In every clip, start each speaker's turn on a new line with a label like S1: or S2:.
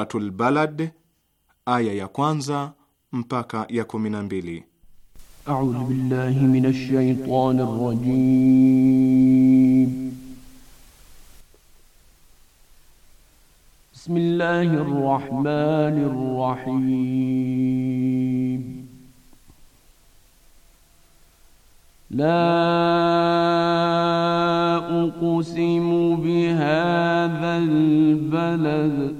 S1: Suratul Balad aya ya kwanza mpaka ya kumi na mbili.
S2: A'udhu billahi minash shaitani rrajim. Bismillahir rahmanir rahim. La uqsimu bihadha albalad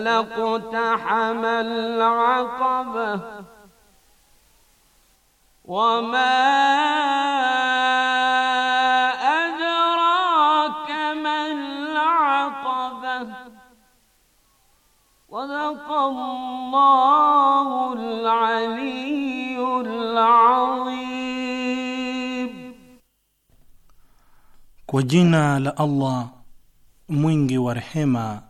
S2: فلاقتحم العقبة وما أدراك ما العقبة وذق الله العلي العظيم
S3: كجنا لألله la ورحمه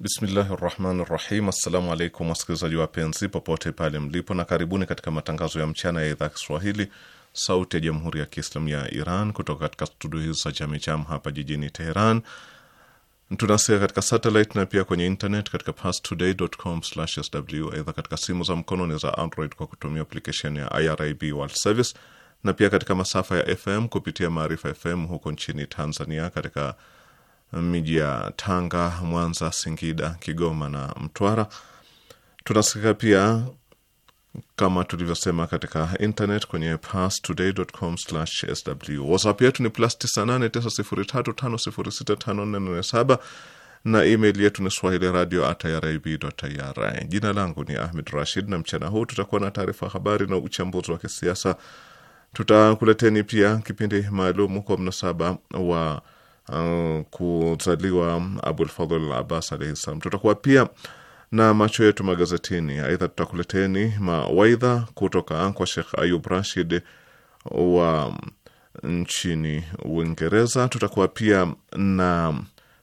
S1: Bismillahi rahmani rahim. Assalamu alaikum wasikilizaji wapenzi popote pale mlipo, na karibuni katika matangazo ya mchana ya idhaa ya Kiswahili sauti ya jamhuri ya Kiislamu ya Iran kutoka katika studio hizi za Chamicham hapa jijini Teheran. Tunasikia katika satelit na pia kwenye internet katika pastodaycom sw Aidha, katika simu za mkononi za Android kwa kutumia application ya IRIB World Service na pia katika masafa ya FM kupitia Maarifa FM huko nchini Tanzania katika miji ya Tanga, Mwanza, Singida, Kigoma na Mtwara. Tunasikika pia kama tulivyosema katika internet kwenye pastoday.com/sw. WhatsApp yetu ni plus 989035065447 na email yetu ni swahili radio atirib.ir. Jina langu ni Ahmed Rashid, na mchana huu tutakuwa na taarifa habari na uchambuzi wa kisiasa. Tutakuleteni pia kipindi maalumu kwa mnasaba wa kuzaliwa Abulfadhl Abbas alaihi salam. Tutakuwa pia na macho yetu magazetini. Aidha, tutakuleteni mawaidha kutoka kwa Shekh Ayub Rashid wa nchini Uingereza. Tutakuwa pia na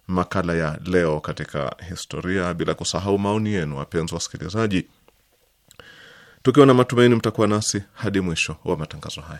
S1: makala ya leo katika historia, bila kusahau maoni yenu, wapenzi wasikilizaji, tukiwa na matumaini mtakuwa nasi hadi mwisho wa matangazo haya.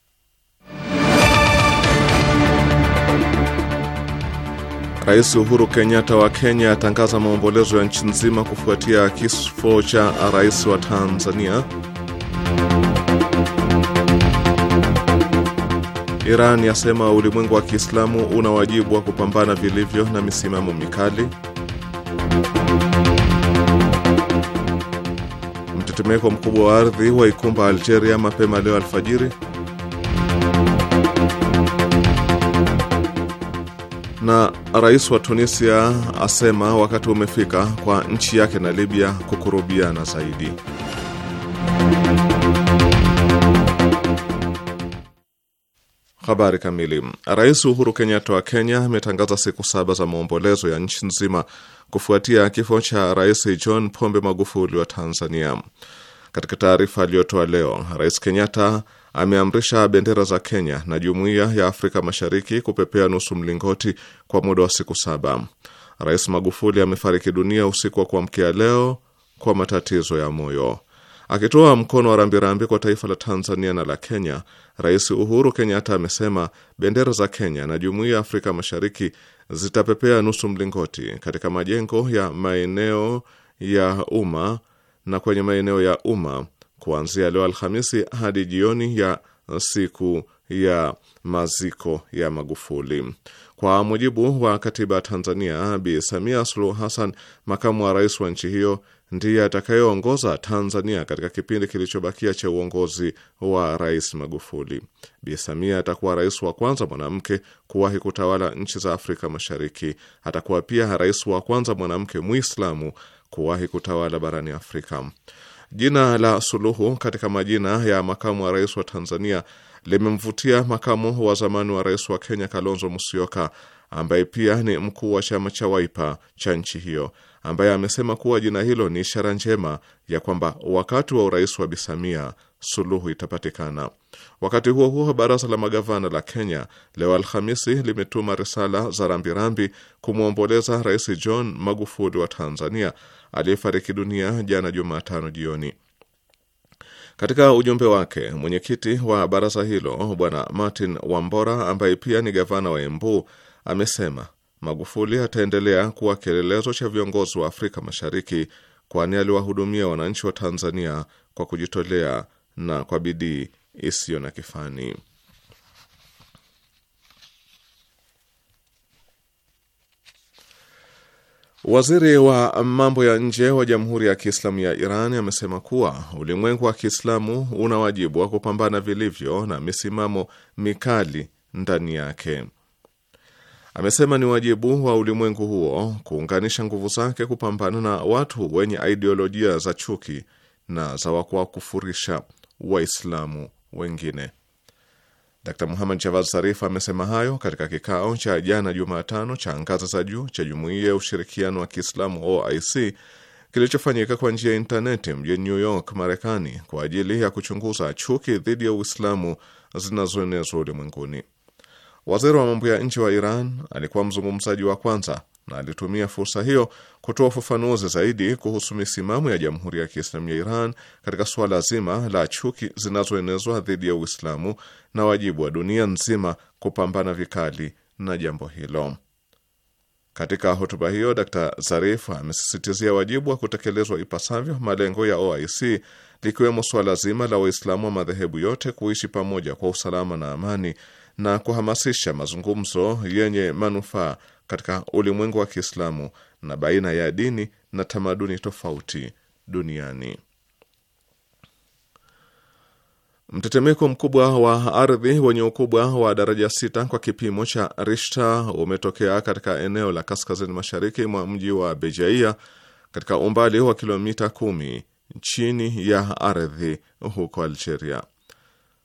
S1: Rais Uhuru Kenyatta wa Kenya atangaza maombolezo ya nchi nzima kufuatia kifo cha rais wa Tanzania. Iran yasema ulimwengu wa Kiislamu una wajibu wa kupambana vilivyo na misimamo mikali. Mtetemeko mkubwa wa ardhi waikumba Algeria mapema leo alfajiri. na rais wa Tunisia asema wakati umefika kwa nchi yake na Libya kukurubiana zaidi. Habari kamili. Rais Uhuru Kenyatta wa Kenya ametangaza siku saba za maombolezo ya nchi nzima kufuatia kifo cha Rais John Pombe Magufuli wa Tanzania. Katika taarifa aliyotoa leo, Rais Kenyatta ameamrisha bendera za Kenya na jumuiya ya Afrika Mashariki kupepea nusu mlingoti kwa muda wa siku saba. Rais Magufuli amefariki dunia usiku wa kuamkia leo kwa matatizo ya moyo. Akitoa mkono wa rambirambi kwa taifa la Tanzania na la Kenya, Rais Uhuru Kenyatta amesema bendera za Kenya na jumuiya ya Afrika Mashariki zitapepea nusu mlingoti katika majengo ya maeneo ya umma na kwenye maeneo ya umma kuanzia leo Alhamisi hadi jioni ya siku ya maziko ya Magufuli. Kwa mujibu wa katiba ya Tanzania, Bi Samia Suluhu Hassan, makamu wa rais wa nchi hiyo, ndiye atakayeongoza Tanzania katika kipindi kilichobakia cha uongozi wa Rais Magufuli. Bi Samia atakuwa rais wa kwanza mwanamke kuwahi kutawala nchi za Afrika Mashariki. Atakuwa pia rais wa kwanza mwanamke Muislamu kuwahi kutawala barani Afrika. Jina la Suluhu katika majina ya makamu wa rais wa Tanzania limemvutia makamu wa zamani wa rais wa Kenya Kalonzo Musyoka, ambaye pia ni mkuu wa chama cha waipa cha nchi hiyo, ambaye amesema kuwa jina hilo ni ishara njema ya kwamba wakati wa urais wa Bisamia suluhu itapatikana. Wakati huo huo, baraza la magavana la Kenya leo Alhamisi limetuma risala za rambirambi kumwomboleza Rais John Magufuli wa Tanzania aliyefariki dunia jana Jumatano jioni. Katika ujumbe wake, mwenyekiti wa baraza hilo Bwana Martin Wambora ambaye pia ni gavana wa Embu amesema Magufuli ataendelea kuwa kielelezo cha viongozi wa Afrika Mashariki, kwani aliwahudumia wananchi wa Tanzania kwa kujitolea na kwa bidii isiyo na kifani. Waziri wa mambo ya nje wa Jamhuri ya Kiislamu ya Iran amesema kuwa ulimwengu wa Kiislamu una wajibu wa kupambana vilivyo na misimamo mikali ndani yake. Amesema ni wajibu wa ulimwengu huo kuunganisha nguvu zake kupambana na watu wenye aidiolojia za chuki na za wakuwakufurisha Waislamu wengine. Dr Muhammad Javad Zarif amesema hayo katika kikao cha jana Jumatano cha ngazi za juu cha Jumuiya ya Ushirikiano wa Kiislamu OIC kilichofanyika kwa njia ya intaneti mjini New York, Marekani, kwa ajili ya kuchunguza chuki dhidi ya Uislamu zinazoenezwa ulimwenguni. Waziri wa mambo ya nje wa Iran alikuwa mzungumzaji wa kwanza na alitumia fursa hiyo kutoa ufafanuzi zaidi kuhusu misimamo ya Jamhuri ya Kiislamu ya Iran katika suala zima la chuki zinazoenezwa dhidi ya Uislamu na wajibu wa dunia nzima kupambana vikali na jambo hilo. Katika hotuba hiyo, Dr Zarif amesisitizia wajibu wa kutekelezwa ipasavyo malengo ya OIC likiwemo suala zima la Waislamu wa madhehebu yote kuishi pamoja kwa usalama na amani na kuhamasisha mazungumzo yenye manufaa katika ulimwengu wa Kiislamu na baina ya dini na tamaduni tofauti duniani. Mtetemeko mkubwa wa ardhi wenye ukubwa wa daraja sita kwa kipimo cha rishta umetokea katika eneo la kaskazini mashariki mwa mji wa Bejaia katika umbali wa kilomita kumi chini ya ardhi huko Algeria.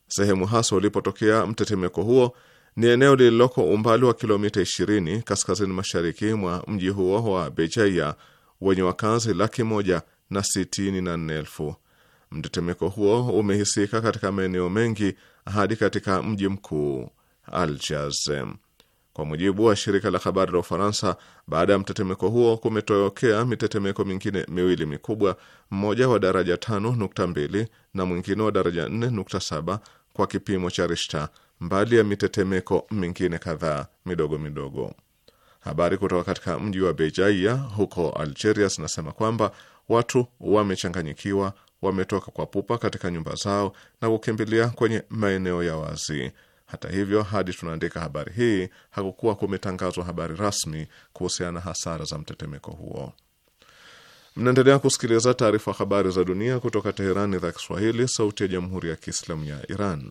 S1: Sehemu hasa ulipotokea mtetemeko huo ni eneo lililoko umbali wa kilomita 20 kaskazini mashariki mwa mji huo wa Bejaia wenye wakazi laki moja na sitini na nne elfu. Mtetemeko huo umehisika katika maeneo mengi hadi katika mji mkuu Aljazem. Kwa mujibu wa shirika la habari la Ufaransa, baada ya mtetemeko huo kumetokea mitetemeko mingine miwili mikubwa, mmoja wa daraja 5.2 na mwingine wa daraja 4.7 kwa kipimo cha Richter mbali ya mitetemeko mingine kadhaa midogo midogo. Habari kutoka katika mji wa Bejaia huko Algeria zinasema kwamba watu wamechanganyikiwa, wametoka kwa pupa katika nyumba zao na kukimbilia kwenye maeneo ya wazi. Hata hivyo, hadi tunaandika habari hii, hakukuwa kumetangazwa habari rasmi kuhusiana na hasara za mtetemeko huo. Mnaendelea kusikiliza taarifa habari za dunia kutoka Teherani za Kiswahili, sauti ya jamhuri ya kiislamu ya Iran.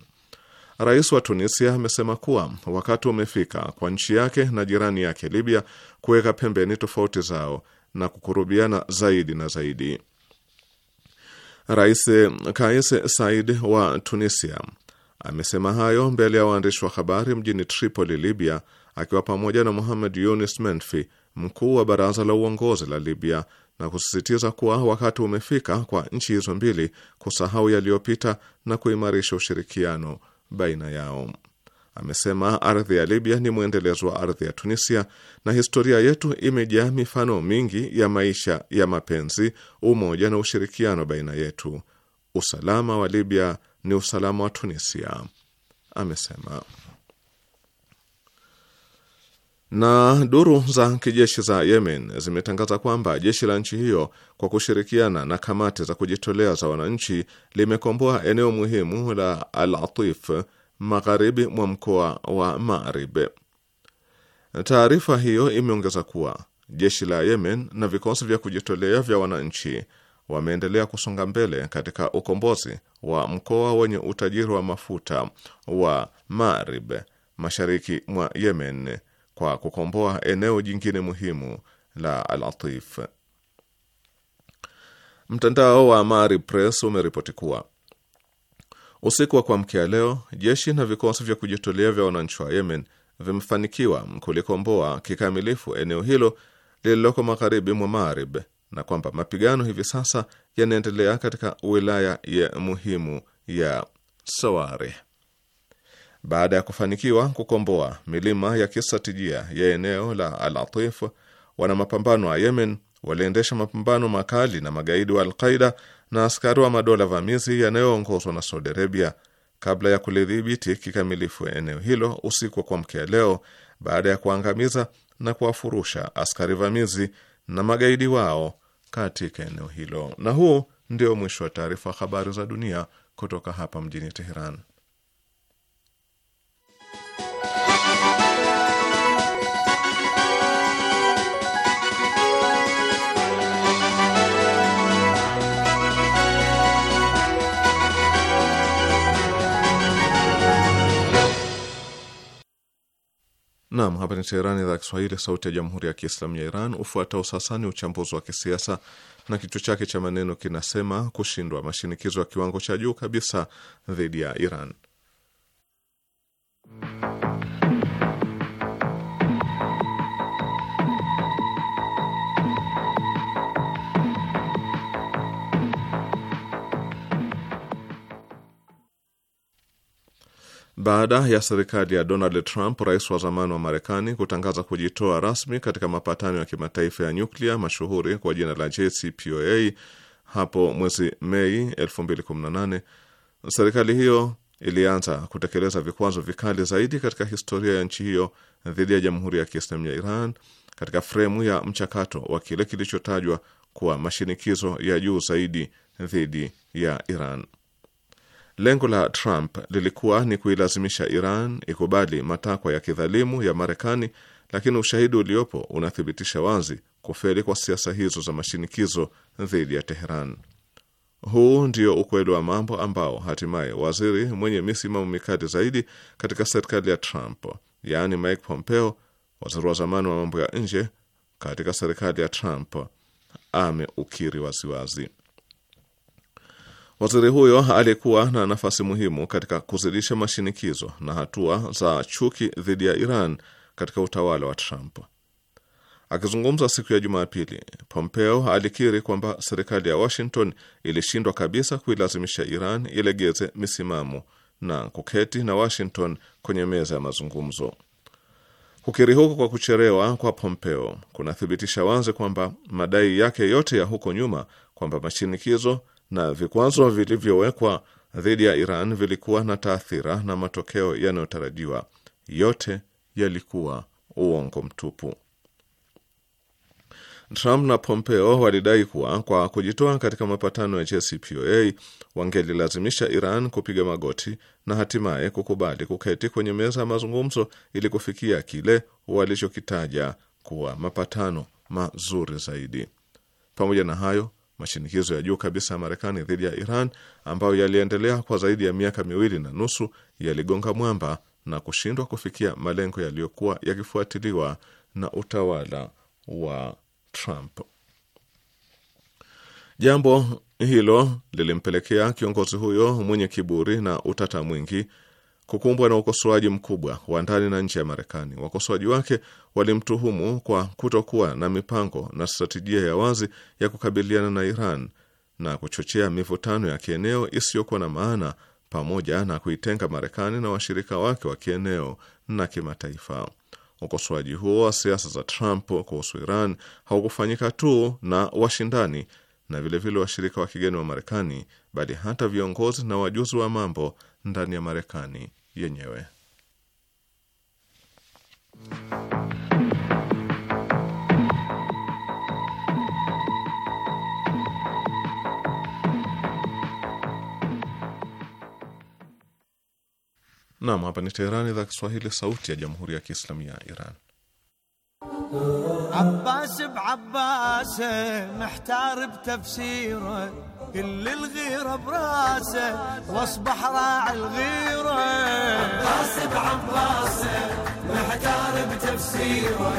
S1: Rais wa Tunisia amesema kuwa wakati umefika kwa nchi yake na jirani yake Libya kuweka pembeni tofauti zao na kukurubiana zaidi na zaidi. Rais Kais said wa Tunisia amesema hayo mbele ya waandishi wa habari mjini Tripoli, Libya, akiwa pamoja na muhamed Younis Menfi, mkuu wa baraza la uongozi la Libya, na kusisitiza kuwa wakati umefika kwa nchi hizo mbili kusahau yaliyopita na kuimarisha ushirikiano baina yao. Amesema ardhi ya Libya ni mwendelezo wa ardhi ya Tunisia, na historia yetu imejaa mifano mingi ya maisha ya mapenzi, umoja na ushirikiano baina yetu. Usalama wa Libya ni usalama wa Tunisia, amesema. Na duru za kijeshi za Yemen zimetangaza kwamba jeshi la nchi hiyo kwa kushirikiana na kamati za kujitolea za wananchi limekomboa eneo muhimu la Al-Atif magharibi mwa mkoa wa Marib. Taarifa hiyo imeongeza kuwa jeshi la Yemen na vikosi vya kujitolea vya wananchi wameendelea kusonga mbele katika ukombozi wa mkoa wenye utajiri wa mafuta wa Marib mashariki mwa Yemen kwa kukomboa eneo jingine muhimu la Alatif. Mtandao wa Amari Press umeripoti kuwa usiku wa kuamkia leo jeshi na vikosi vya kujitolea vya wananchi wa Yemen vimefanikiwa kulikomboa kikamilifu eneo hilo lililoko magharibi mwa Marib na kwamba mapigano hivi sasa yanaendelea katika wilaya ya muhimu ya Sawari. Baada ya kufanikiwa kukomboa milima ya kistratijia ya eneo la Alatif, wana mapambano wa Yemen waliendesha mapambano makali na magaidi wa Alqaida na askari wa madola vamizi yanayoongozwa na Saudi Arabia kabla ya kulidhibiti kikamilifu eneo hilo usiku wa kuamkia leo, baada ya kuangamiza na kuwafurusha askari vamizi na magaidi wao katika eneo hilo. Na huu ndio mwisho wa taarifa habari za dunia kutoka hapa mjini Teheran. Nam, hapa ni Teherani, idhaa ya Kiswahili, sauti ya jamhuri ya kiislamu ya Iran. Ufuatao sasa ni uchambuzi wa kisiasa na kichwa chake cha maneno kinasema kushindwa mashinikizo ya kiwango cha juu kabisa dhidi ya Iran. baada ya serikali ya Donald Trump, rais wa zamani wa Marekani, kutangaza kujitoa rasmi katika mapatano ya kimataifa ya nyuklia mashuhuri kwa jina la JCPOA hapo mwezi Mei 2018, serikali hiyo ilianza kutekeleza vikwazo vikali zaidi katika historia ya nchi hiyo dhidi ya Jamhuri ya Kiislamu ya Iran katika fremu ya mchakato wa kile kilichotajwa kuwa mashinikizo ya juu zaidi dhidi ya Iran. Lengo la Trump lilikuwa ni kuilazimisha Iran ikubali matakwa ya kidhalimu ya Marekani, lakini ushahidi uliopo unathibitisha wazi kufeli kwa siasa hizo za mashinikizo dhidi ya Teheran. Huu ndio ukweli wa mambo ambao hatimaye waziri mwenye misimamo mikali zaidi katika serikali ya Trump, yaani Mike Pompeo, waziri wa zamani wa mambo ya nje katika serikali ya Trump, ameukiri waziwazi. Waziri huyo alikuwa na nafasi muhimu katika kuzidisha mashinikizo na hatua za chuki dhidi ya Iran katika utawala wa Trump. Akizungumza siku ya Jumapili, Pompeo alikiri kwamba serikali ya Washington ilishindwa kabisa kuilazimisha Iran ilegeze misimamo na kuketi na Washington kwenye meza ya mazungumzo. Kukiri huko kwa kucherewa kwa Pompeo kunathibitisha wazi kwamba madai yake yote ya huko nyuma kwamba mashinikizo na vikwazo vilivyowekwa dhidi ya Iran vilikuwa na taathira na matokeo yanayotarajiwa yote yalikuwa uongo mtupu. Trump na Pompeo walidai kuwa kwa kujitoa katika mapatano ya JCPOA wangelilazimisha Iran kupiga magoti na hatimaye kukubali kuketi kwenye meza ya mazungumzo ili kufikia kile walichokitaja kuwa mapatano mazuri zaidi. Pamoja na hayo, Mashinikizo ya juu kabisa ya Marekani dhidi ya Iran ambayo yaliendelea kwa zaidi ya miaka miwili na nusu yaligonga mwamba na kushindwa kufikia malengo yaliyokuwa yakifuatiliwa na utawala wa Trump. Jambo hilo lilimpelekea kiongozi huyo mwenye kiburi na utata mwingi kukumbwa na ukosoaji mkubwa wa ndani na nje ya Marekani. Wakosoaji wake walimtuhumu kwa kutokuwa na mipango na stratejia ya wazi ya kukabiliana na Iran na kuchochea mivutano ya kieneo isiyokuwa na maana pamoja na kuitenga Marekani na washirika wake wa kieneo na kimataifa. Ukosoaji huo wa siasa za Trump kuhusu Iran haukufanyika tu na washindani na vilevile washirika wa kigeni wa Marekani, bali hata viongozi na wajuzi wa mambo ndani ya Marekani yenyewe. Naam, hapa ni Teherani, idhaa Kiswahili, sauti ya Jamhuri ya Kiislamu ya Iran.
S4: عباس بعباسه محتار بتفسيره كل الغيرة براسه واصبح راعي الغيرة عباس بعباسه محتار بتفسيره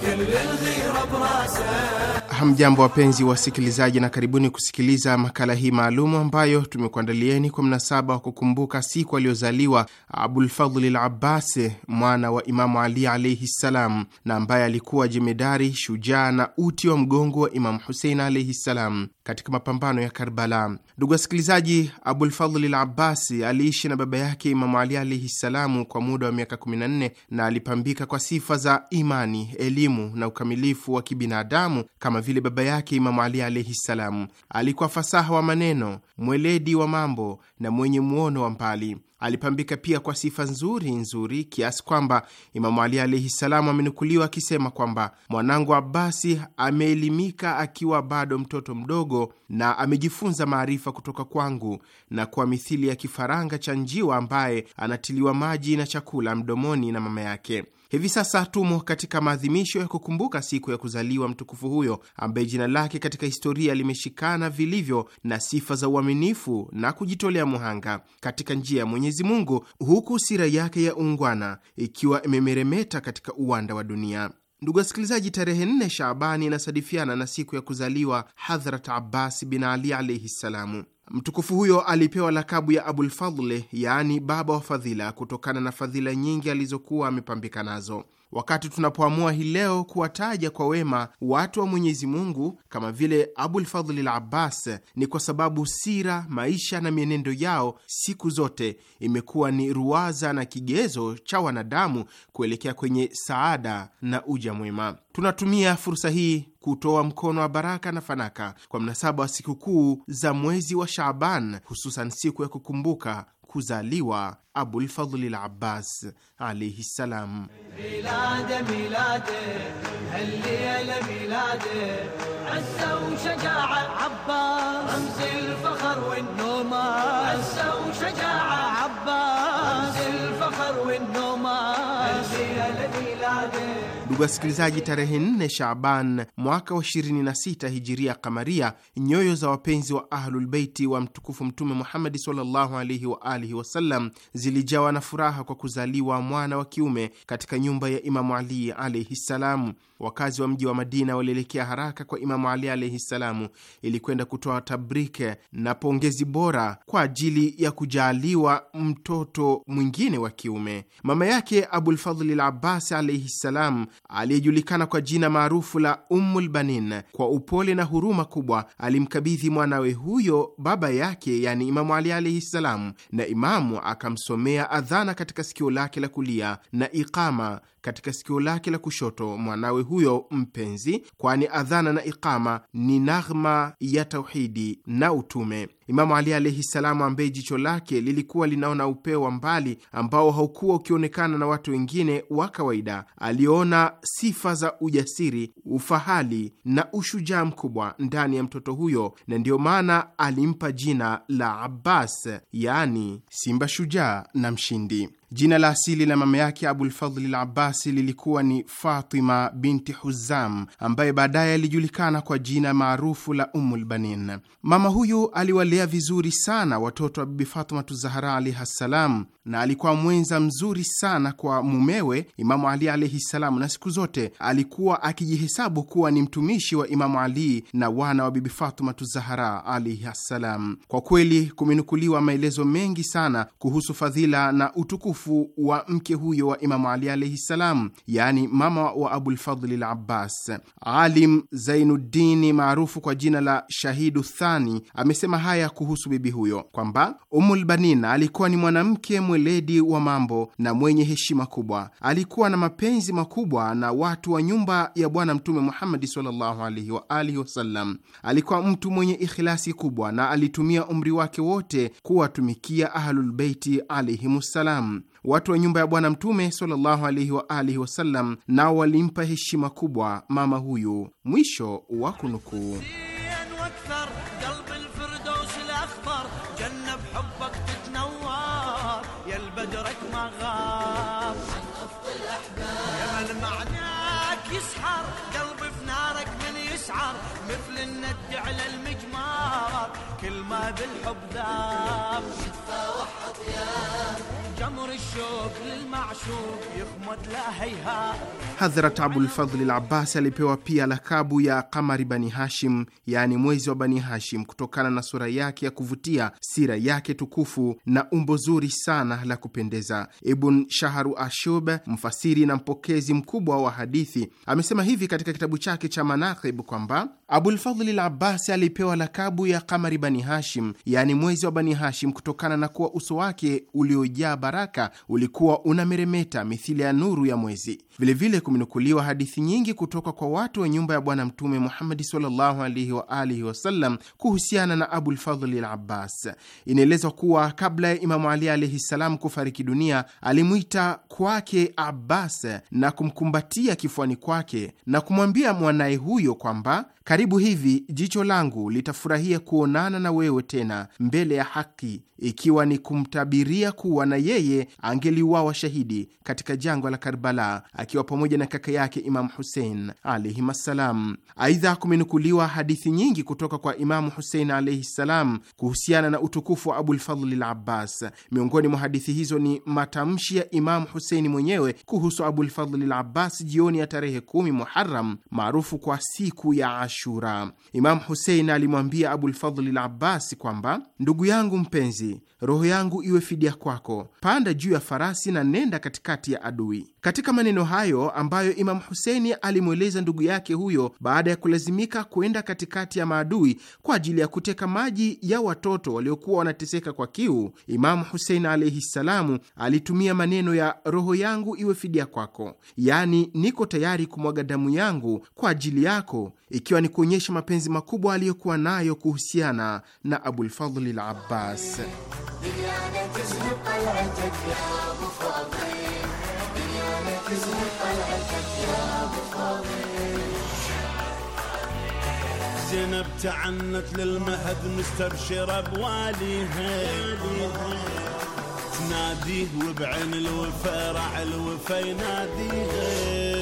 S4: كل الغيرة براسه
S5: Hamjambo, wapenzi wasikilizaji, na karibuni kusikiliza makala hii maalumu ambayo tumekuandalieni kwa mnasaba wa kukumbuka siku aliyozaliwa Abulfadhli l Abbas, mwana wa Imamu Ali alaihi ssalam, na ambaye alikuwa jemedari shujaa na uti wa mgongo wa Imamu Husein alaihi ssalam katika mapambano ya Karbala. Ndugu wasikilizaji, Abulfadhli l Abbas aliishi na baba yake Imamu Ali alaihi ssalamu kwa muda wa miaka 14 na alipambika kwa sifa za imani, elimu na ukamilifu wa kibinadamu kama vile baba yake Imamu Ali alaihi ssalam, alikuwa fasaha wa maneno, mweledi wa mambo na mwenye muono wa mbali. Alipambika pia kwa sifa nzuri nzuri kiasi kwamba Imamu Ali alaihi ssalamu amenukuliwa akisema kwamba mwanangu Abasi ameelimika akiwa bado mtoto mdogo na amejifunza maarifa kutoka kwangu, na kwa mithili ya kifaranga cha njiwa ambaye anatiliwa maji na chakula mdomoni na mama yake Hivi sasa tumo katika maadhimisho ya kukumbuka siku ya kuzaliwa mtukufu huyo ambaye jina lake katika historia limeshikana vilivyo na sifa za uaminifu na kujitolea muhanga katika njia ya Mwenyezi Mungu, huku sira yake ya ungwana ikiwa imemeremeta katika uwanda wa dunia. Ndugu wasikilizaji, tarehe nne Shaabani inasadifiana na siku ya kuzaliwa Hadhrat Abbas bin Ali alaihi ssalamu. Mtukufu huyo alipewa lakabu ya abulfadhle yaani baba wa fadhila, kutokana na fadhila nyingi alizokuwa amepambika nazo wakati tunapoamua hii leo kuwataja kwa wema watu wa Mwenyezi Mungu kama vile Abulfadhli l Abbas, ni kwa sababu sira, maisha na mienendo yao siku zote imekuwa ni ruwaza na kigezo cha wanadamu kuelekea kwenye saada na uja mwema. Tunatumia fursa hii kutoa mkono wa baraka na fanaka kwa mnasaba wa sikukuu za mwezi wa Shaaban, hususan siku ya kukumbuka kuzaliwa Abulfadli l Abbas alaihi ssalam. Ndugu wasikilizaji, tarehe 4 Shaaban mwaka wa 26 hijiria kamaria, nyoyo za wapenzi wa Ahlulbeiti wa mtukufu Mtume Muhammadi sallallahu alaihi wa alihi wasallam zilijawa na furaha kwa kuzaliwa mwana wa kiume katika nyumba ya Imamu Ali alaihi ssalam. Wakazi wa mji wa Madina walielekea haraka kwa Imamu Ali alaihi ssalamu ili kwenda kutoa tabrike na pongezi bora kwa ajili ya kujaaliwa mtoto mwingine wa kiume. Mama yake Abulfadhli al alaihi ssalam, aliyejulikana kwa jina maarufu la Ummulbanin, kwa upole na huruma kubwa alimkabidhi mwanawe huyo baba yake, yani Imamu Ali alaihi ssalamu, na Imamu akamsomea adhana katika sikio lake la kulia na iqama katika sikio lake la kushoto mwanawe huyo mpenzi, kwani adhana na iqama ni naghma ya tauhidi na utume. Imamu Ali alaihi salamu, ambaye jicho lake lilikuwa linaona upeo wa mbali ambao haukuwa ukionekana na watu wengine wa kawaida, aliona sifa za ujasiri, ufahali na ushujaa mkubwa ndani ya mtoto huyo, na ndiyo maana alimpa jina la Abbas, yaani simba shujaa na mshindi. Jina la asili la mama yake Abulfadli l Abbasi lilikuwa ni Fatima binti Huzam, ambaye baadaye alijulikana kwa jina maarufu la Ummulbanin. Mama huyu aliwali aliwalea vizuri sana watoto wa Bibi Fatimatu Zahara alaihi ssalam, na alikuwa mwenza mzuri sana kwa mumewe Imamu Ali alaihi ssalam, na siku zote alikuwa akijihesabu kuwa ni mtumishi wa Imamu Ali na wana wa Bibi Fatimatu Zahara alaihi ssalam. Kwa kweli kumenukuliwa maelezo mengi sana kuhusu fadhila na utukufu wa mke huyo wa Imamu Ali alaihi ssalam, yani mama wa Abulfadli l Alim Zainuddini maarufu kwa jina la Shahidu Thani amesema haya haya kuhusu bibi huyo kwamba Umul alikuwa ni mwanamke mweledi wa mambo na mwenye heshima kubwa. Alikuwa na mapenzi makubwa na watu wa nyumba ya Bwana Mtume Muhammadi sallallahu alaihi wa alihi wasallam. Alikuwa mtu mwenye ikhilasi kubwa na alitumia umri wake wote kuwatumikia Ahlulbeiti alaihimussalam. Watu wa nyumba ya Bwana Mtume sallallahu alaihi wa alihi wasallam nao walimpa heshima kubwa mama huyu. Mwisho wa kunukuu.
S4: الاسعار مثل الند على المجمار كل ما بالحب ذاب
S5: Hadhrat Abulfadhli l Abbas alipewa pia lakabu ya Kamari Bani Hashim, yaani mwezi wa Bani Hashim, kutokana na sura yake ya kuvutia, sira yake tukufu na umbo zuri sana la kupendeza. Ibn shaharu Ashub, mfasiri na mpokezi mkubwa wa hadithi, amesema hivi katika kitabu chake cha Manakib kwamba Abulfadhli l Abbasi alipewa lakabu ya Kamari Bani Hashim, yaani mwezi wa Bani Hashim, kutokana na kuwa uso wake uliojaa baraka ulikuwa unameremeta mithili ya nuru ya mwezi. Vilevile kumenukuliwa hadithi nyingi kutoka kwa watu wa nyumba ya Bwana Mtume Muhammadi sallallahu alaihi wa alihi wasallam kuhusiana na Abulfadhli l Abbas. Inaelezwa kuwa kabla ya Imamu Ali alaihi ssalam kufariki dunia, alimwita kwake Abbas na kumkumbatia kifuani kwake na kumwambia mwanaye huyo kwamba karibu hivi jicho langu litafurahia kuonana na wewe tena mbele ya haki, ikiwa ni kumtabiria kuwa na yeye angeliuawa shahidi katika jangwa la Karbala akiwa pamoja na kaka yake Imamu Husein alaihim assalam. Aidha, kumenukuliwa hadithi nyingi kutoka kwa Imamu Husein alaihi ssalam kuhusiana na utukufu wa Abulfadli l Abbas. Miongoni mwa hadithi hizo ni matamshi ya Imamu Huseini mwenyewe kuhusu Abulfadli Abbas jioni ya tarehe kumi Muharam, maarufu kwa siku ya Ashura. Ashura. Imamu Husein alimwambia Abulfadhli l Abbasi kwamba ndugu yangu mpenzi, roho yangu iwe fidia kwako, panda juu ya farasi na nenda katikati ya adui. Katika maneno hayo ambayo Imamu Huseini alimweleza ndugu yake huyo baada ya kulazimika kwenda katikati ya maadui kwa ajili ya kuteka maji ya watoto waliokuwa wanateseka kwa kiu, Imamu Husein alaihi ssalamu alitumia maneno ya roho yangu iwe fidia kwako, yaani niko tayari kumwaga damu yangu kwa ajili yako, ikiwa ni kuonyesha mapenzi makubwa aliyokuwa nayo kuhusiana na Abulfadhli l Abbas.
S4: دنيانا تزهق طلعتك يا ابو فاضل
S6: دنيانا تزهق طلعتك يا ابو فاضل
S2: زينب تعنت للمهد مستبشرة بواليها تناديه وبعين الوفا رع الوفا
S5: يناديها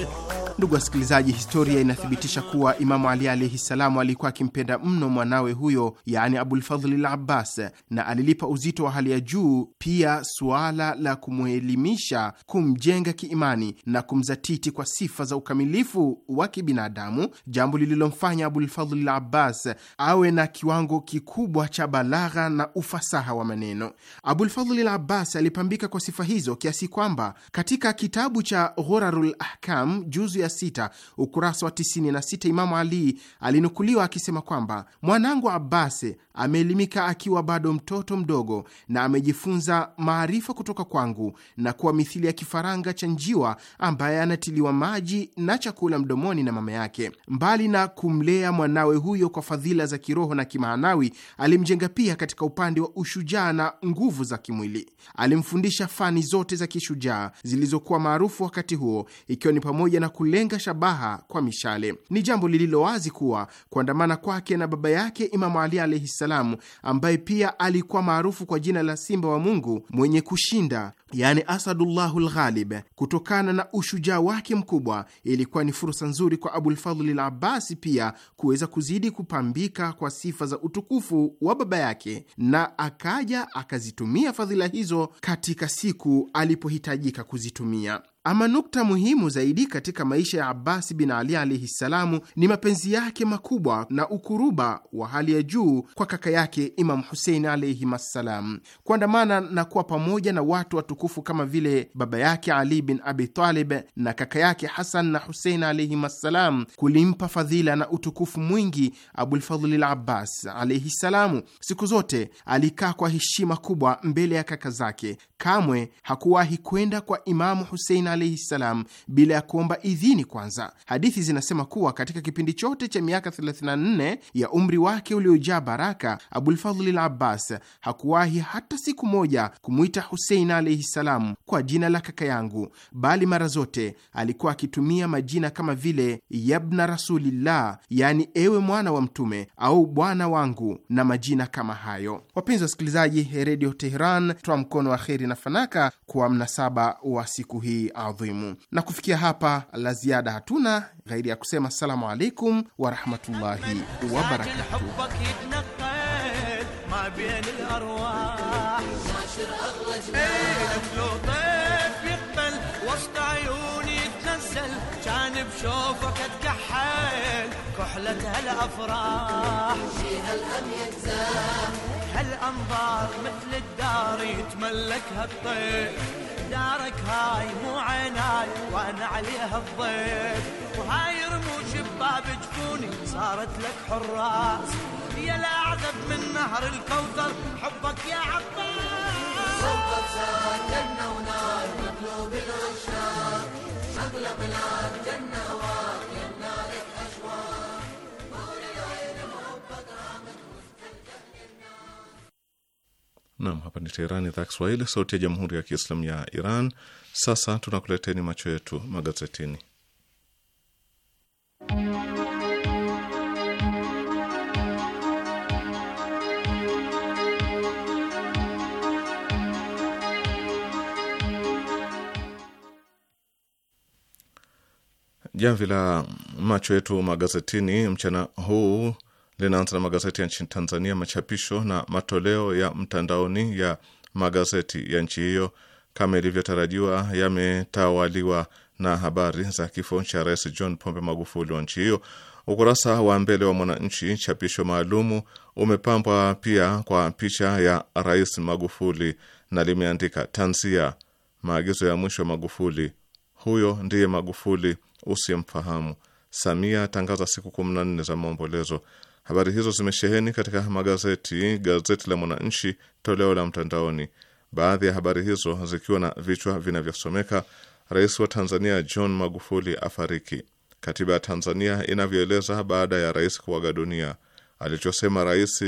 S5: Ndugu wasikilizaji, historia inathibitisha kuwa Imamu Ali alaihi salamu alikuwa akimpenda mno mwanawe huyo, yaani Abulfadhli l Abbas, na alilipa uzito wa hali ya juu pia suala la kumwelimisha, kumjenga kiimani na kumzatiti kwa sifa za ukamilifu wa kibinadamu, jambo lililomfanya Abulfadhli l Abbas awe na kiwango kikubwa cha balagha na ufasaha wa maneno. Abulfadhli l Abbas alipambika kwa sifa hizo kiasi kwamba katika kitabu cha Ghurarul Ahkam juzu ya 96 ukurasa wa 96, Imamu Ali alinukuliwa akisema kwamba mwanangu Abbasi ameelimika akiwa bado mtoto mdogo na amejifunza maarifa kutoka kwangu na kuwa mithili ya kifaranga cha njiwa ambaye anatiliwa maji na chakula mdomoni na mama yake. Mbali na kumlea mwanawe huyo kwa fadhila za kiroho na kimaanawi, alimjenga pia katika upande wa ushujaa na nguvu za kimwili. Alimfundisha fani zote za kishujaa zilizokuwa maarufu wakati huo, ikiwa ni pamoja na kule kulenga shabaha kwa mishale. Ni jambo lililo wazi kuwa kuandamana kwake na baba yake Imamu Ali alaihi ssalam, ambaye pia alikuwa maarufu kwa jina la Simba wa Mungu mwenye kushinda, yani Asadullahu lghalib, kutokana na ushujaa wake mkubwa, ilikuwa ni fursa nzuri kwa Abulfadhli Labasi pia kuweza kuzidi kupambika kwa sifa za utukufu wa baba yake, na akaja akazitumia fadhila hizo katika siku alipohitajika kuzitumia. Ama nukta muhimu zaidi katika maisha ya abasi bin Ali alaihi ssalamu ni mapenzi yake makubwa na ukuruba wa hali ya juu kwa kaka yake Imamu Husein alaihim assalam, kuandamana na kuwa pamoja na watu watukufu kama vile baba yake Ali bin Abi Talib na kaka yake Hasan na Husein alaihim assalam kulimpa fadhila na utukufu mwingi. Abulfadhlil Abbas alaihi ssalamu siku zote alikaa kwa heshima kubwa mbele ya kaka zake, kamwe hakuwahi kwenda kwa Imamu Husein alaihi ssalam bila ya kuomba idhini kwanza. Hadithi zinasema kuwa katika kipindi chote cha miaka 34 ya umri wake uliojaa baraka, Abulfadhli Abbas hakuwahi hata siku moja kumwita Husein alaihi ssalam kwa jina la kaka yangu, bali mara zote alikuwa akitumia majina kama vile yabna rasulillah, yani ewe mwana wa Mtume au bwana wangu na majina kama hayo. Wapenzi wasikilizaji, Redio Teheran twa mkono wa kheri na fanaka kwa mnasaba wa siku hii adhimu. Na kufikia hapa, la ziada hatuna ghairi ya kusema assalamu alaikum warahmatullahi wabarakatuh.
S4: كان بشوفك اتكحل كحلة هالافراح فيها الام يجزاح هالانظار مثل الدار يتملكها الطير دارك هاي مو عيناي وانا عليها الضيف وهاي رموش بباب جفوني صارت لك حراس يا الاعذب من نهر الكوثر حبك يا عباس حبك زاد جنة ونار مقلوب العشاق شغلة بلاد جنة ونار
S1: Nam, hapa ni Teherani, idhaa Kiswahili, sauti ya jamhuri ya kiislamu ya Iran. Sasa tunakuleteni macho yetu magazetini. Jamvi la macho yetu magazetini mchana huu linaanza na magazeti ya nchini Tanzania. Machapisho na matoleo ya mtandaoni ya magazeti ya nchi hiyo kama ilivyotarajiwa yametawaliwa na habari za kifo cha Rais John Pombe Magufuli wa nchi hiyo. Ukurasa wa mbele wa Mwananchi chapisho maalumu umepambwa pia kwa picha ya Rais Magufuli na limeandika tanzia maagizo ya mwisho Magufuli, huyo ndiye Magufuli usiyemfahamu. Samia tangaza siku kumi na nne za maombolezo. Habari hizo zimesheheni katika magazeti, gazeti la Mwananchi toleo la mtandaoni, baadhi ya habari hizo zikiwa na vichwa vinavyosomeka: Rais wa Tanzania John Magufuli afariki, katiba ya Tanzania inavyoeleza baada ya rais kuaga dunia, alichosema rais,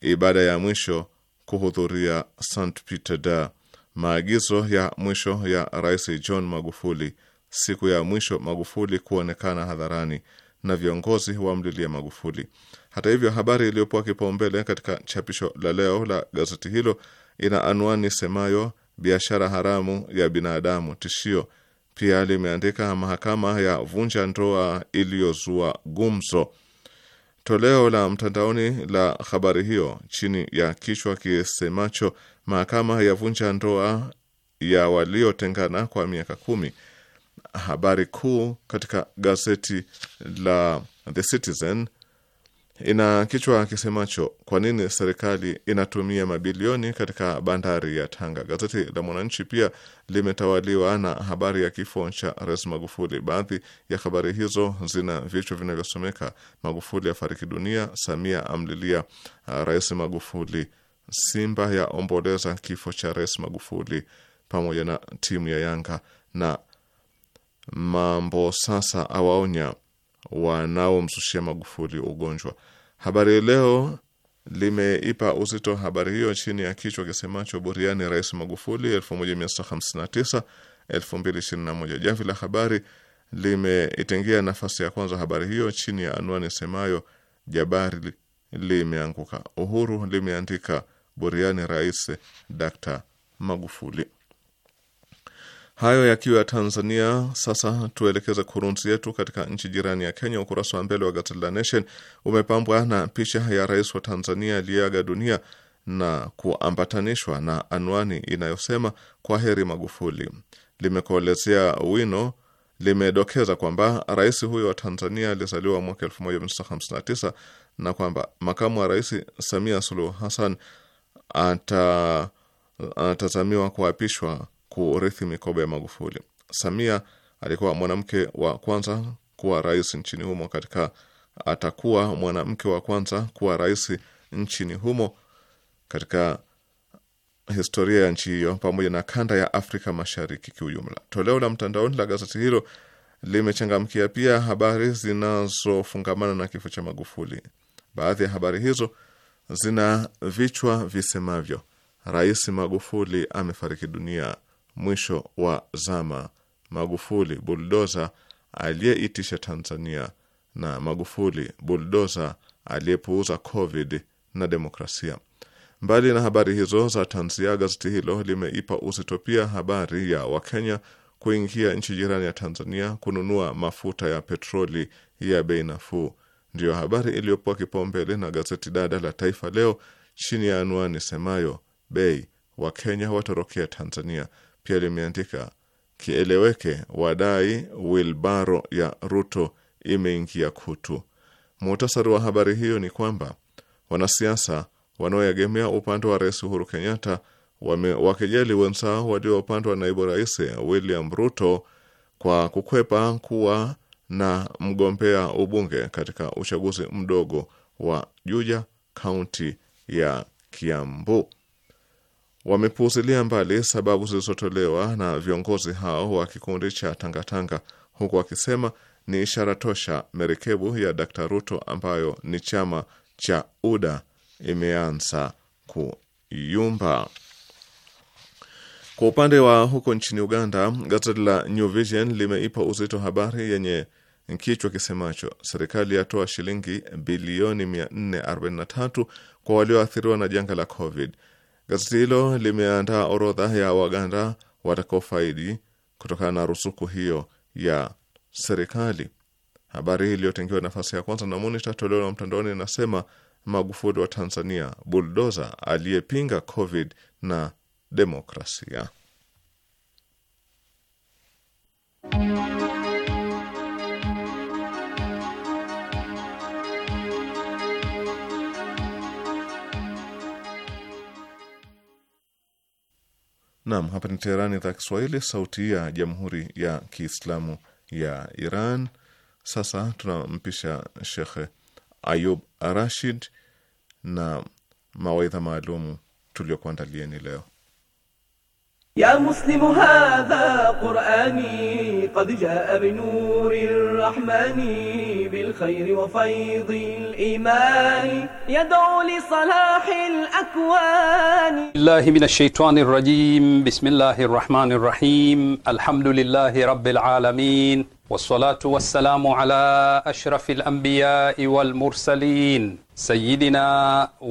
S1: ibada ya mwisho kuhudhuria St Peter da maagizo ya mwisho ya Rais John Magufuli, siku ya mwisho Magufuli kuonekana hadharani na viongozi wa wamlilia Magufuli. Hata hivyo, habari iliyopewa kipaumbele katika chapisho la leo la gazeti hilo ina anwani semayo biashara haramu ya binadamu tishio. Pia limeandika mahakama ya vunja ndoa iliyozua gumzo. Toleo la mtandaoni la habari hiyo chini ya kichwa kisemacho mahakama ya vunja ndoa ya waliotengana kwa miaka kumi habari kuu katika gazeti la The Citizen ina kichwa kisemacho kwa nini serikali inatumia mabilioni katika bandari ya Tanga. Gazeti la Mwananchi pia limetawaliwa na habari ya kifo cha Rais Magufuli. Baadhi ya habari hizo zina vichwa vinavyosomeka Magufuli afariki dunia, Samia amlilia uh, Rais Magufuli, Simba ya omboleza kifo cha Rais Magufuli pamoja na timu ya Yanga na Mambo sasa awaonya wanaomzushia Magufuli ugonjwa. Habari Leo limeipa uzito habari hiyo chini ya kichwa kisemacho buriani Rais Magufuli 1959 2021. Jamvi la Habari limeitengia nafasi ya kwanza habari hiyo chini ya anwani semayo jabari limeanguka. Uhuru limeandika buriani Rais Dr Magufuli. Hayo yakiwa ya Tanzania. Sasa tuelekeze kurunzi yetu katika nchi jirani ya Kenya. Ukurasa wa mbele wa gazeti la Nation umepambwa na picha ya rais wa Tanzania aliyeaga dunia na kuambatanishwa na anwani inayosema kwa heri Magufuli. Limekolezea wino limedokeza kwamba rais huyo wa Tanzania alizaliwa mwaka 1959 na kwamba makamu wa rais Samia Suluhu Hassan atatazamiwa kuapishwa kurithi mikoba ya Magufuli. Samia alikuwa mwanamke wa kwanza kuwa rais nchini humo katika atakuwa mwanamke wa kwanza kuwa rais nchini humo katika historia ya nchi hiyo pamoja na kanda ya Afrika Mashariki kiujumla. Toleo la mtandaoni la gazeti hilo limechangamkia pia habari zinazofungamana na kifo cha Magufuli. Baadhi ya habari hizo zina vichwa visemavyo: Rais Magufuli amefariki dunia, mwisho wa zama, Magufuli buldoza aliyeitisha Tanzania na Magufuli buldoza aliyepuuza Covid na demokrasia. Mbali na habari hizo za tanzia, gazeti hilo limeipa uzito pia habari ya Wakenya kuingia nchi jirani ya Tanzania kununua mafuta ya petroli ya bei nafuu. Ndiyo habari iliyopoa kipaumbele na gazeti dada la Taifa Leo chini ya anwani semayo bei Wakenya watorokea Tanzania. Pia limeandika kieleweke, wadai wilbaro ya Ruto imeingia kutu. Muhtasari wa habari hiyo ni kwamba wanasiasa wanaoegemea upande wa Rais Uhuru Kenyatta wamewakejeli wenzao walio upande wa naibu rais William Ruto kwa kukwepa kuwa na mgombea ubunge katika uchaguzi mdogo wa Juja, kaunti ya Kiambu wamepuuzilia mbali sababu zilizotolewa na viongozi hao wa kikundi cha Tangatanga, huku wakisema ni ishara tosha merekebu ya Dkt. Ruto ambayo ni chama cha UDA imeanza kuyumba. Kwa upande wa huko nchini Uganda, gazeti la New Vision limeipa uzito habari yenye kichwa kisemacho serikali yatoa shilingi bilioni 443 kwa walioathiriwa na janga la COVID. Gazeti hilo limeandaa orodha ya Waganda watakaofaidi kutokana na rusuku hiyo ya serikali. Habari hii iliyotengewa nafasi ya kwanza na Monita toleo la mtandaoni inasema Magufuli wa Tanzania, buldoza aliyepinga Covid na demokrasia. Naam, hapa ni Teherani, idhaa Kiswahili, sauti ya jamhuri ya kiislamu ya Iran. Sasa tunampisha Shekhe Ayub Rashid na mawaidha maalumu tuliokuandalieni leo.
S4: Ya muslimu hadha qurani qad jaa binuri bilkhairi wa الإيمان
S2: يدعو لصلاح الأكوان
S7: الله من الشيطان الرجيم بسم الله الرحمن الرحيم الحمد لله رب العالمين والصلاة والسلام على أشرف الأنبياء والمرسلين سيدنا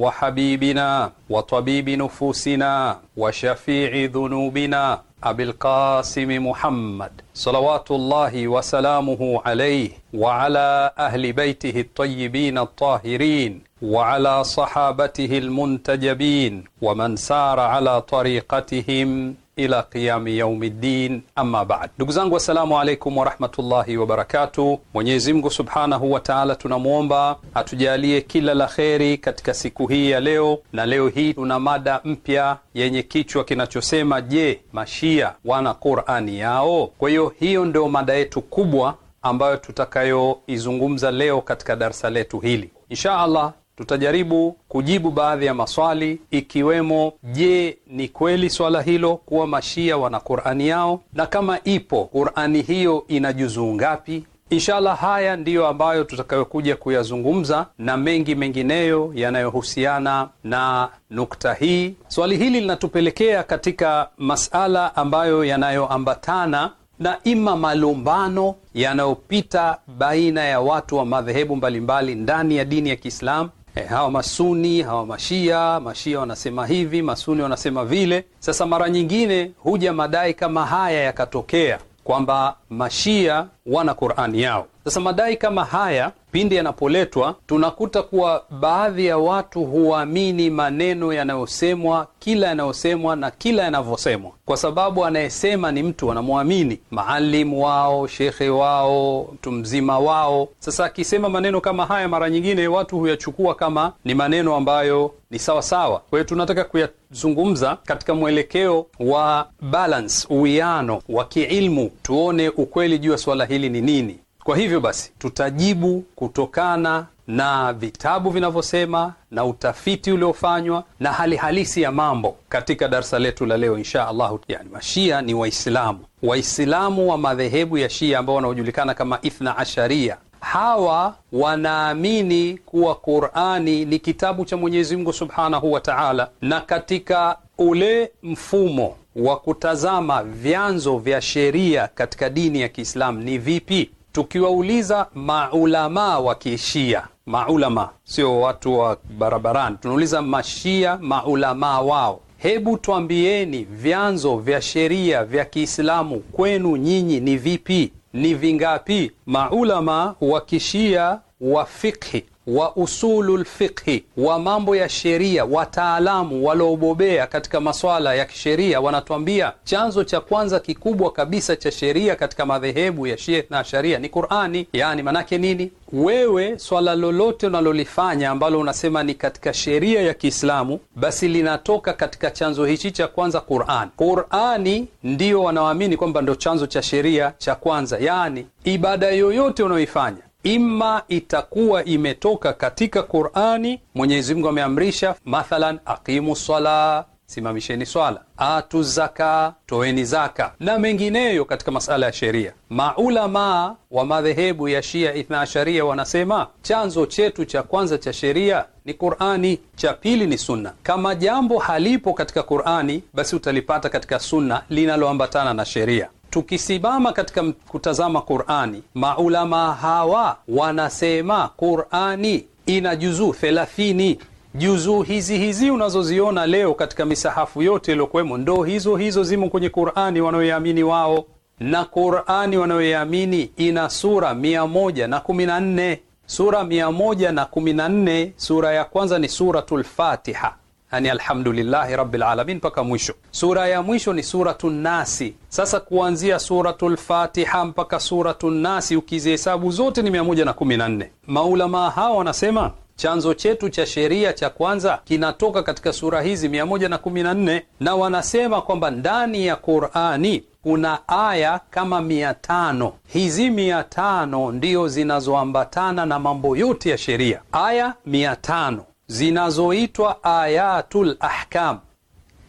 S7: وحبيبنا وطبيب نفوسنا وشفيع ذنوبنا أبي القاسم محمد صلوات الله وسلامه عليه وعلى أهل بيته الطيبين الطاهرين وعلى صحابته المنتجبين ومن سار على طريقتهم ila qiyami yaumiddin, amma baad. Ndugu zangu, assalamu alaikum warahmatullahi wabarakatuh. Mwenyezi Mungu subhanahu wa taala tunamwomba atujalie kila la kheri katika siku hii ya leo. Na leo hii tuna mada mpya yenye kichwa kinachosema je, mashia wana Qur'ani yao? Kwa hiyo hiyo ndio mada yetu kubwa ambayo tutakayoizungumza leo katika darsa letu hili insha allah Tutajaribu kujibu baadhi ya maswali ikiwemo, je, ni kweli swala hilo kuwa mashia wana Qur'ani yao, na kama ipo Qur'ani hiyo ina juzuu ngapi? Inshallah, haya ndiyo ambayo tutakayokuja kuyazungumza na mengi mengineyo yanayohusiana na nukta hii. Swali hili linatupelekea katika masala ambayo yanayoambatana na ima malumbano yanayopita baina ya watu wa madhehebu mbalimbali ndani ya dini ya Kiislamu E, hawa masuni hawa mashia mashia wanasema hivi, masuni wanasema vile. Sasa mara nyingine huja madai kama haya yakatokea kwamba mashia wana Qurani yao. Sasa madai kama haya pindi yanapoletwa, tunakuta kuwa baadhi ya watu huamini maneno yanayosemwa, kila yanayosemwa na kila yanavyosemwa, kwa sababu anayesema ni mtu anamwamini, maalimu wao, shekhe wao, mtu mzima wao. Sasa akisema maneno kama haya, mara nyingine watu huyachukua kama ni maneno ambayo ni sawasawa. Kwa hiyo tunataka kuyazungumza katika mwelekeo wa balance, uwiano wa kiilmu, tuone ukweli juu ya suala hili ni nini. Kwa hivyo basi, tutajibu kutokana na vitabu vinavyosema na utafiti uliofanywa na hali halisi ya mambo katika darsa letu la leo insha allahu. Yani, mashia ni Waislamu, Waislamu wa madhehebu ya Shia ambao wanaojulikana kama Ithna Asharia. Hawa wanaamini kuwa Qurani ni kitabu cha Mwenyezi Mungu subhanahu wa taala, na katika ule mfumo wa kutazama vyanzo vya sheria katika dini ya Kiislamu ni vipi? Tukiwauliza maulamaa wa Kishia, maulama sio watu wa barabarani, tunauliza mashia maulamaa wao, hebu twambieni vyanzo vya sheria vya Kiislamu kwenu nyinyi ni vipi? Ni vingapi? Maulama wa Kishia wa fikhi wa usulu lfiqhi, wa mambo ya sheria, wataalamu waliobobea katika maswala ya kisheria wanatuambia chanzo cha kwanza kikubwa kabisa cha sheria katika madhehebu ya Shia na Sharia ni Qurani. Yani manake nini? Wewe swala lolote unalolifanya ambalo unasema ni katika sheria ya Kiislamu, basi linatoka katika chanzo hichi cha kwanza Qurani. Qurani ndiyo wanaoamini kwamba ndo chanzo cha sheria cha kwanza, yani ibada yoyote unaoifanya imma itakuwa imetoka katika Qur'ani. Mwenyezi Mungu ameamrisha mathalan, aqimu sala, simamisheni swala, atu zaka, toeni zaka na mengineyo katika masala ya sheria. maulama wa madhehebu ya Shia Ithna Asharia wanasema chanzo chetu cha kwanza cha sheria ni Qur'ani, cha pili ni Sunna. Kama jambo halipo katika Qur'ani, basi utalipata katika Sunna linaloambatana na sheria. Tukisimama katika kutazama Qurani, maulama hawa wanasema Qurani ina juzuu thelathini. Juzuu hizi hizi unazoziona leo katika misahafu yote iliyokuwemo, ndo hizo hizo zimo kwenye Qurani wanayoiamini wao, na Qurani wanayoiamini ina sura mia moja na kumi na nne sura mia moja na kumi na nne Sura ya kwanza ni Suratul Fatiha yani alhamdulillahi rabbil alamin mpaka mwisho. Sura ya mwisho ni suratu Nasi. Sasa kuanzia suratu lfatiha mpaka suratu Nasi, ukizihesabu zote ni 114. Maulama hawa wanasema chanzo chetu cha sheria cha kwanza kinatoka katika sura hizi 114, na wanasema kwamba ndani ya Qur'ani kuna aya kama mia tano. Hizi mia tano ndiyo zinazoambatana na mambo yote ya sheria, aya mia tano zinazoitwa ayatul ahkam.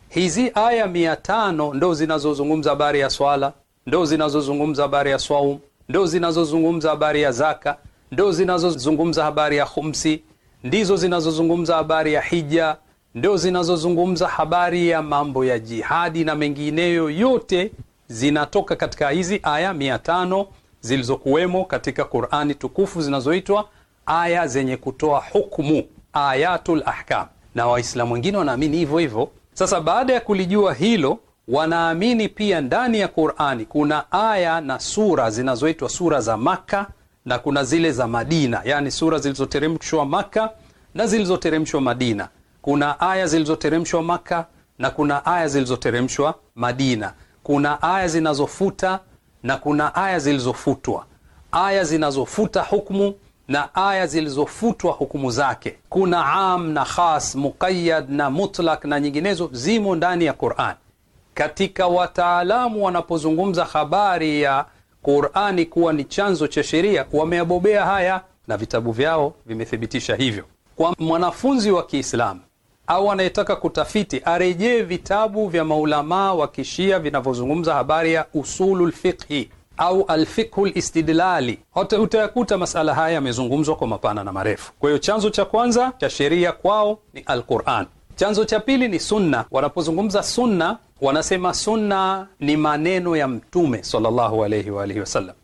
S7: Hizi aya mia tano ndo zinazozungumza habari ya swala, ndo zinazozungumza habari ya swaum, ndo zinazozungumza habari ya zaka, ndo zinazozungumza habari ya khumsi, ndizo zinazozungumza habari ya hija, ndo zinazozungumza habari ya mambo ya jihadi na mengineyo yote zinatoka katika hizi aya mia tano zilizokuwemo katika Qur'ani tukufu zinazoitwa aya zenye kutoa hukumu ayatul ahkam, na Waislamu wengine wanaamini hivyo hivyo. Sasa baada ya kulijua hilo, wanaamini pia ndani ya Qur'ani kuna aya na sura zinazoitwa sura za Maka na kuna zile za Madina, yani sura zilizoteremshwa Maka na zilizoteremshwa Madina. Kuna aya zilizoteremshwa Maka na kuna aya zilizoteremshwa Madina. Kuna aya zinazofuta na kuna aya zilizofutwa. Aya zinazofuta hukumu na aya zilizofutwa hukumu zake. Kuna am na khas, muqayyad na mutlak na nyinginezo, zimo ndani ya Qur'an. Katika wataalamu wanapozungumza habari ya Qur'ani kuwa ni chanzo cha sheria, wameabobea haya na vitabu vyao vimethibitisha hivyo. Kwa mwanafunzi wa Kiislamu au anayetaka kutafiti, arejee vitabu vya maulamaa wa Kishia vinavyozungumza habari ya usulul fiqhi au alfikhu listidlali utayakuta masala haya yamezungumzwa kwa mapana na marefu. Kwa hiyo chanzo cha kwanza cha sheria kwao ni Alquran. Chanzo cha pili ni sunna. Wanapozungumza sunna, wanasema sunna ni maneno ya Mtume sallallahu alayhi wa alihi wasallam.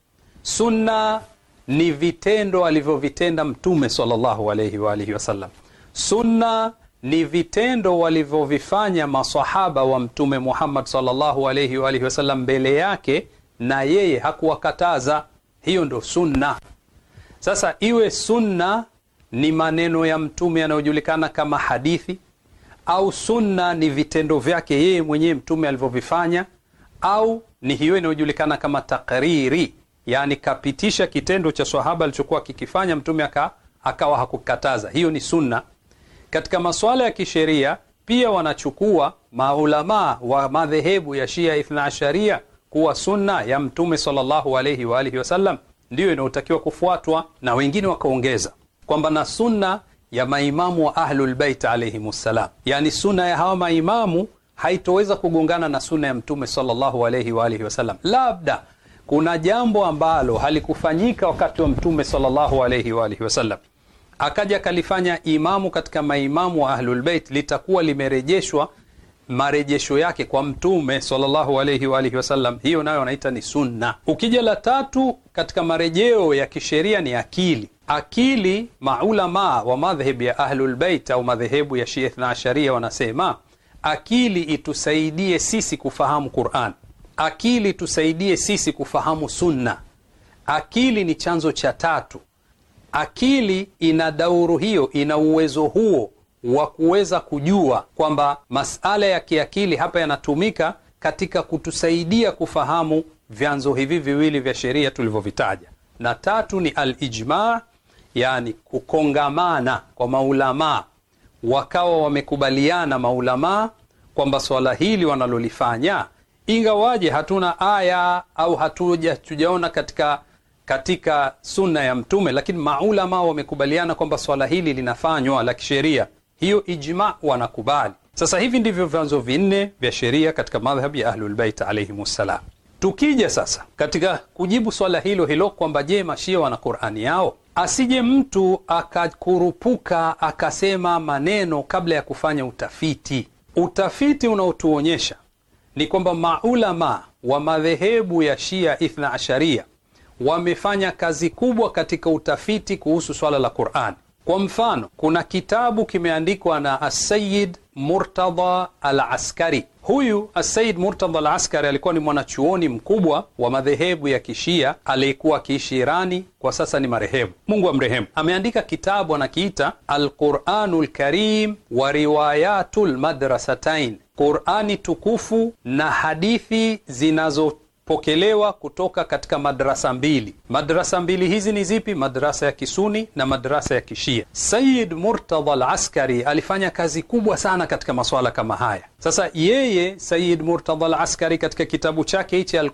S7: Sunna ni vitendo alivyovitenda Mtume sallallahu alayhi wa alihi wasallam. Sunna ni vitendo walivyovifanya masahaba wa Mtume Muhammad sallallahu alayhi wa alihi wasallam mbele yake na yeye hakuwakataza. Hiyo ndo sunna. Sasa iwe sunna ni maneno ya mtume yanayojulikana kama hadithi, au sunna ni vitendo vyake yeye mwenyewe mtume alivyovifanya, au ni hiyo inayojulikana kama takriri, yani kapitisha kitendo cha swahaba alichokuwa kikifanya mtume aka, akawa hakukataza. Hiyo ni sunna. Katika masuala ya kisheria pia wanachukua maulamaa wa madhehebu ya Shia Ithna Asharia kuwa sunna ya Mtume sallallahu alayhi wa alihi wasallam ndiyo inayotakiwa kufuatwa, na wengine wakaongeza kwamba na sunna ya maimamu wa Ahlulbeit ssalam, yani sunna ya hawa maimamu haitoweza kugongana na sunna ya Mtume sallallahu alayhi wa alihi wasallam. Labda kuna jambo ambalo halikufanyika wakati wa Mtume sallallahu alayhi wa alihi wasallam akaja akalifanya imamu katika maimamu wa Ahlulbeit, litakuwa limerejeshwa marejesho yake kwa Mtume sallallahu alayhi wa alihi wasallam, hiyo nayo anaita ni sunna. Ukija la tatu katika marejeo ya kisheria ni akili. Akili, maulama wa madhhebu ya Ahlulbeit au madhehebu ya Shia Ithna wanasema akili itusaidie sisi kufahamu Quran, akili itusaidie sisi kufahamu sunna. Akili ni chanzo cha tatu. Akili ina dauru hiyo, ina uwezo huo wa kuweza kujua kwamba masala ya kiakili hapa yanatumika katika kutusaidia kufahamu vyanzo hivi viwili vya sheria tulivyovitaja, na tatu ni alijma, yani kukongamana kwa maulamaa, wakawa wamekubaliana maulamaa kwamba swala hili wanalolifanya, ingawaje hatuna aya au hatuja tujaona katika katika sunna ya Mtume, lakini maulamaa wamekubaliana kwamba swala hili linafanywa la kisheria hiyo ijma wanakubali. Sasa hivi ndivyo vyanzo vinne vya sheria katika madhhabi ya Ahlulbeit alaihim ssalam. Tukija sasa katika kujibu swala hilo hilo kwamba je, mashia wana Qurani yao, asije mtu akakurupuka akasema maneno kabla ya kufanya utafiti. Utafiti unaotuonyesha ni kwamba maulama wa madhehebu ya Shia Ithna Asharia wamefanya kazi kubwa katika utafiti kuhusu swala la Qurani. Kwa mfano, kuna kitabu kimeandikwa na Asayid Murtadha al Askari. Huyu Asayid Murtadha al Askari alikuwa ni mwanachuoni mkubwa wa madhehebu ya Kishia aliyekuwa akiishi Irani, kwa sasa ni marehemu, Mungu amrehemu. Ameandika kitabu anakiita Alquranu lkarim wa riwayatu lmadrasatain, Qurani tukufu na hadithi zinazo kupokelewa kutoka katika madrasa mbili. Madrasa mbili hizi ni zipi? Madrasa ya Kisuni na madrasa ya Kishia. sayid Murtadha al-Askari alifanya kazi kubwa sana katika masuala kama haya. Sasa yeye sayid Murtadha al-Askari katika kitabu chake hichi al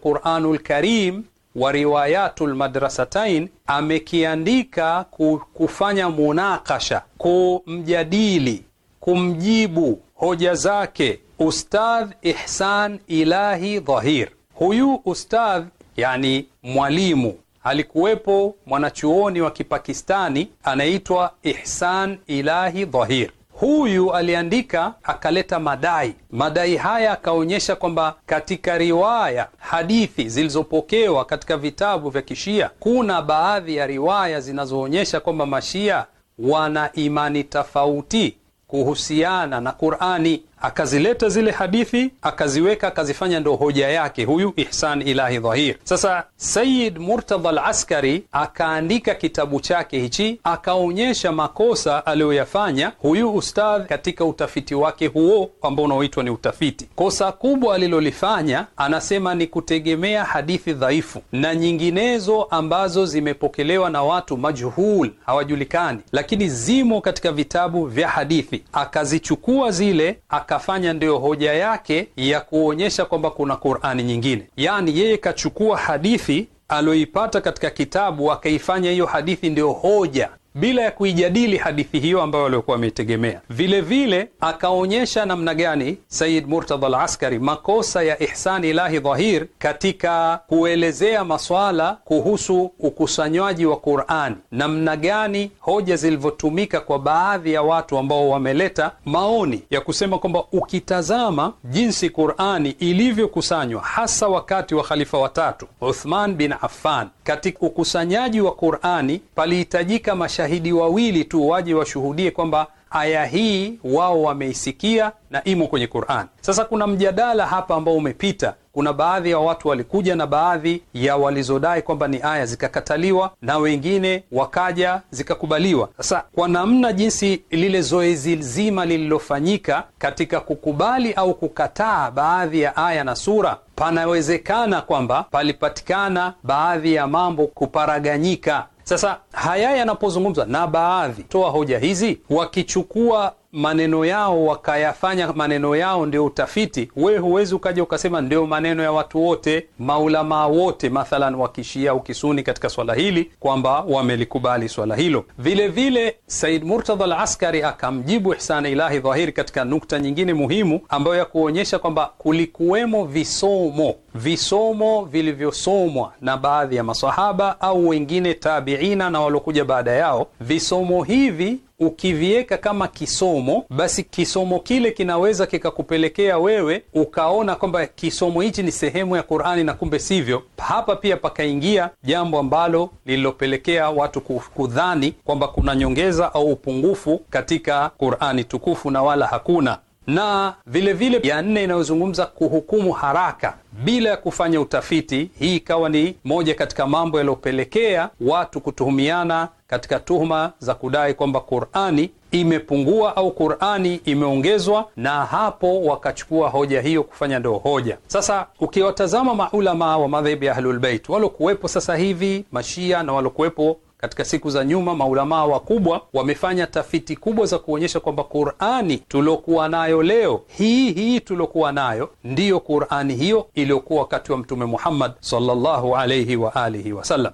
S7: lkarim wa riwayatu lmadrasatain amekiandika kufanya munakasha, kumjadili, kumjibu hoja zake Ustadh Ihsan Ilahi Dhahir. Huyu ustadh, yani mwalimu, alikuwepo mwanachuoni wa Kipakistani anaitwa Ihsan Ilahi Dhahir. Huyu aliandika akaleta madai. Madai haya akaonyesha kwamba katika riwaya, hadithi zilizopokewa katika vitabu vya Kishia, kuna baadhi ya riwaya zinazoonyesha kwamba Mashia wana imani tofauti kuhusiana na Qur'ani akazileta zile hadithi akaziweka akazifanya ndo hoja yake huyu Ihsan Ilahi Dhahir. Sasa Sayid Murtadha al-Askari akaandika kitabu chake hichi, akaonyesha makosa aliyoyafanya huyu ustadh katika utafiti wake huo ambao unaoitwa ni utafiti. Kosa kubwa alilolifanya anasema ni kutegemea hadithi dhaifu na nyinginezo ambazo zimepokelewa na watu majhul, hawajulikani, lakini zimo katika vitabu vya hadithi, akazichukua zile akafanya ndiyo hoja yake ya kuonyesha kwamba kuna Qur'ani nyingine. Yaani yeye kachukua hadithi aliyoipata katika kitabu akaifanya hiyo hadithi ndiyo hoja bila ya kuijadili hadithi hiyo ambayo waliokuwa wameitegemea. Vilevile akaonyesha namna gani Sayid Murtadha laskari makosa ya Ihsan Ilahi Dhahir katika kuelezea maswala kuhusu ukusanywaji wa Qurani, namna gani hoja zilivyotumika kwa baadhi ya watu ambao wameleta maoni ya kusema kwamba ukitazama jinsi Qurani ilivyokusanywa hasa wakati wa khalifa watatu Uthman bin Affan, katika ukusanyaji wa Qurani palihitajika mashahidi wawili tu waje washuhudie kwamba aya hii wao wameisikia na imo kwenye Qur'an. Sasa kuna mjadala hapa ambao umepita. Kuna baadhi ya watu walikuja na baadhi ya walizodai kwamba ni aya zikakataliwa, na wengine wakaja zikakubaliwa. Sasa kwa namna jinsi lile zoezi zima lililofanyika katika kukubali au kukataa baadhi ya aya na sura, panawezekana kwamba palipatikana baadhi ya mambo kuparaganyika sasa haya yanapozungumzwa na baadhi toa hoja hizi, wakichukua maneno yao wakayafanya maneno yao ndio utafiti, wewe huwezi ukaja ukasema ndio maneno ya watu wote maulamaa wote, mathalan wakishia ukisuni katika swala hili kwamba wamelikubali swala hilo. vilevile Said Murtadha al-Askari akamjibu Ihsan Ilahi Dhahiri katika nukta nyingine muhimu ambayo ya kuonyesha kwamba kulikuwemo visomo visomo vilivyosomwa na baadhi ya masahaba au wengine tabiina na waliokuja baada yao. Visomo hivi ukiviweka kama kisomo, basi kisomo kile kinaweza kikakupelekea wewe ukaona kwamba kisomo hichi ni sehemu ya Qur'ani na kumbe sivyo. Hapa pia pakaingia jambo ambalo lililopelekea watu kudhani kwamba kuna nyongeza au upungufu katika Qur'ani tukufu na wala hakuna na vilevile vile ya nne inayozungumza kuhukumu haraka bila ya kufanya utafiti. Hii ikawa ni moja katika mambo yaliyopelekea watu kutuhumiana katika tuhuma za kudai kwamba Qur'ani imepungua au Qur'ani imeongezwa, na hapo wakachukua hoja hiyo kufanya ndio hoja. Sasa ukiwatazama maulamaa wa madhehebu ya Ahlulbeit walokuwepo sasa hivi Mashia na walokuwepo katika siku za nyuma maulamaa wakubwa wamefanya tafiti kubwa za kuonyesha kwamba Qurani tuliokuwa nayo leo hii hii tuliokuwa nayo ndiyo Qurani hiyo iliyokuwa wakati wa Mtume Muhammad sallallahu alayhi wa alihi wasallam.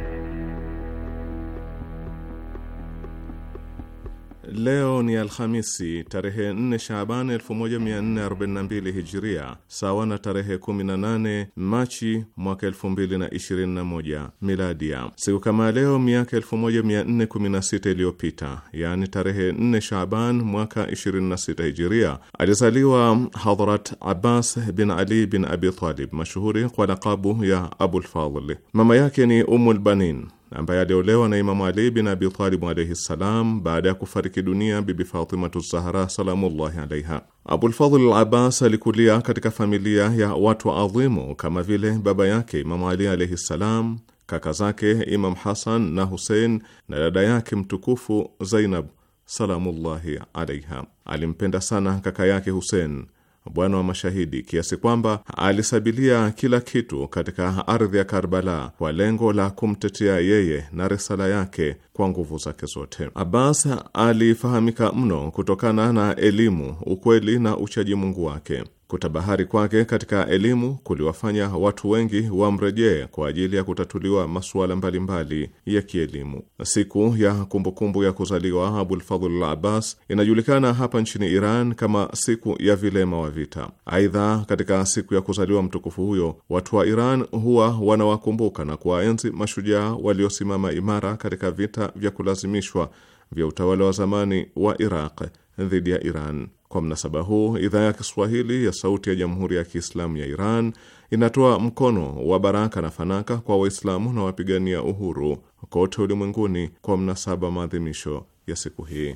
S1: Leo ni Alhamisi tarehe 4 Shaaban 1442 Hijiria, sawa na tarehe 18 Machi mwaka 2021 Miladia. Siku kama leo miaka 1416 iliyopita, yaani tarehe 4 Shaaban mwaka 26 Hijiria, alizaliwa Hadhrat Abbas bin Ali bin Abi Talib, mashuhuri kwa lakabu ya Abulfadli. Mama yake ni Ummulbanin ambaye aliolewa na Imamu Ali bin Abi Talib alaihi ssalam baada ya kufariki dunia Bibi Fatimatu Zahra salamullahi alaiha. Abulfadhl al Abbas alikulia katika familia ya watu adhimu kama vile baba yake Imamu Ali alaihi ssalam, kaka zake Imam Hasan na Husein na dada yake mtukufu Zainab salamullahi alaiha. Alimpenda sana kaka yake Husein bwana wa mashahidi, kiasi kwamba alisabilia kila kitu katika ardhi ya Karbala kwa lengo la kumtetea yeye na risala yake kwa nguvu zake zote. Abbas alifahamika mno kutokana na elimu, ukweli na uchaji Mungu wake. Kutabahari kwake katika elimu kuliwafanya watu wengi wamrejee kwa ajili ya kutatuliwa masuala mbalimbali ya kielimu. Siku ya kumbukumbu kumbu ya kuzaliwa Abulfadhl Abbas inajulikana hapa nchini Iran kama siku ya vilema wa vita. Aidha, katika siku ya kuzaliwa mtukufu huyo, watu wa Iran huwa wanawakumbuka na kuwaenzi mashujaa waliosimama imara katika vita vya kulazimishwa vya utawala wa zamani wa Iraq dhidi ya Iran. Kwa mnasaba huu, idhaa ya Kiswahili ya Sauti ya Jamhuri ya Kiislamu ya Iran inatoa mkono wa baraka na fanaka kwa Waislamu na wapigania uhuru kote ulimwenguni kwa mnasaba maadhimisho ya siku hii.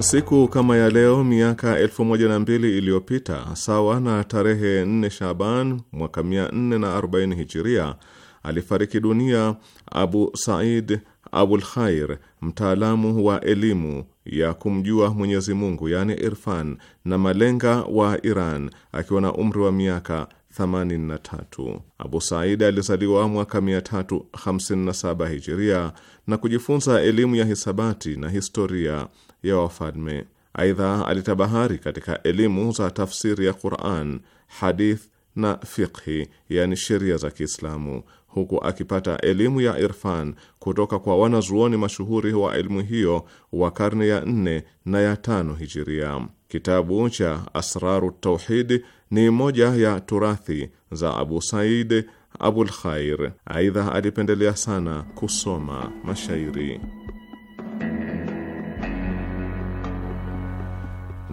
S1: Siku kama ya leo miaka elfu moja na mbili iliyopita sawa na tarehe 4 Shaban mwaka 440 Hijiria, alifariki dunia Abu Said Abul Khair mtaalamu wa elimu ya kumjua Mwenyezi Mungu yani Irfan na malenga wa Iran akiwa na umri wa miaka 83. Abu Said alizaliwa mwaka 357 Hijiria na kujifunza elimu ya hisabati na historia ya wafalme. Aidha, alitabahari katika elimu za tafsiri ya Quran, hadith na fiqhi, yani sheria za Kiislamu, huku akipata elimu ya irfan kutoka kwa wanazuoni mashuhuri wa elimu hiyo wa karne ya nne na ya tano hijiria. Kitabu cha Asraru Tauhid ni moja ya turathi za Abu Said Abul Khair. Aidha, alipendelea sana kusoma mashairi.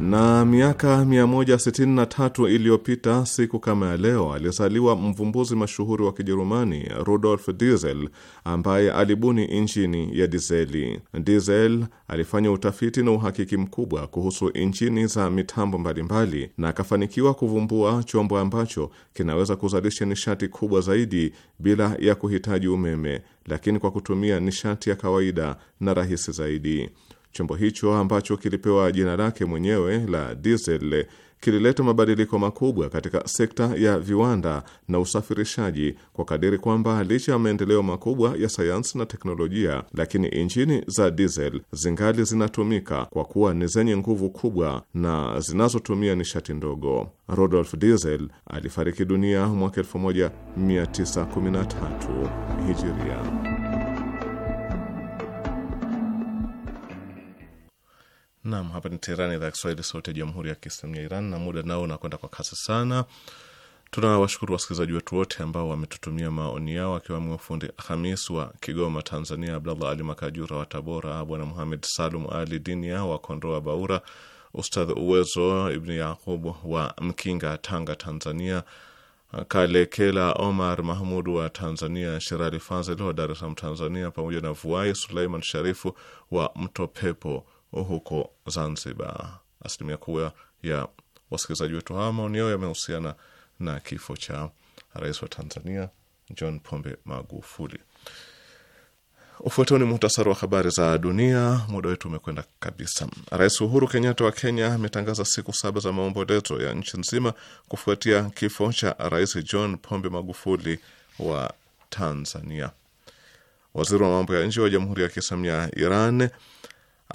S1: Na miaka 163 iliyopita siku kama ya leo alizaliwa mvumbuzi mashuhuri wa Kijerumani Rudolf Diesel ambaye alibuni injini ya dizeli. Diesel alifanya utafiti na uhakiki mkubwa kuhusu injini za mitambo mbalimbali na akafanikiwa kuvumbua chombo ambacho kinaweza kuzalisha nishati kubwa zaidi bila ya kuhitaji umeme, lakini kwa kutumia nishati ya kawaida na rahisi zaidi. Chombo hicho ambacho kilipewa jina lake mwenyewe la diesel kilileta mabadiliko makubwa katika sekta ya viwanda na usafirishaji kwa kadiri kwamba licha ya maendeleo makubwa ya sayansi na teknolojia, lakini injini za diesel zingali zinatumika kwa kuwa ni zenye nguvu kubwa na zinazotumia nishati ndogo. Rodolf Diesel alifariki dunia mwaka 1913 Hijiria. Naam, hapa ni Teherani, idhaa ya Kiswahili, sauti ya jamhuri ya kiislamu ya Iran, na muda nao unakwenda kwa kasi sana. Tunawashukuru wasikilizaji wetu wote ambao wametutumia maoni yao, akiwemo fundi Hamis wa Kigoma, Tanzania, Abdallah Ali Makajura wa Tabora, Bwana Muhamed Salum Ali Dinia wa Kondoa Baura, Ustadh Uwezo Ibni Yaqub wa Mkinga, Tanga, Tanzania, Kalekela Omar Mahmud wa Tanzania, Shirali Fazil wa Dar es Salaam, Tanzania, pamoja na Vuai Suleiman Sharifu wa Mto Pepo huko Zanzibar. Asilimia kubwa ya wasikilizaji wetu hawa, maoni yao yamehusiana na kifo cha rais wa Tanzania John Pombe Magufuli. Ufuatao ni muhtasari wa habari za dunia. Muda wetu umekwenda kabisa. Rais Uhuru Kenyatta wa Kenya ametangaza siku saba za maombolezo ya nchi nzima kufuatia kifo cha rais John Pombe Magufuli wa Tanzania. Waziri wa mambo ya nje wa Jamhuri ya Kiislamu ya Iran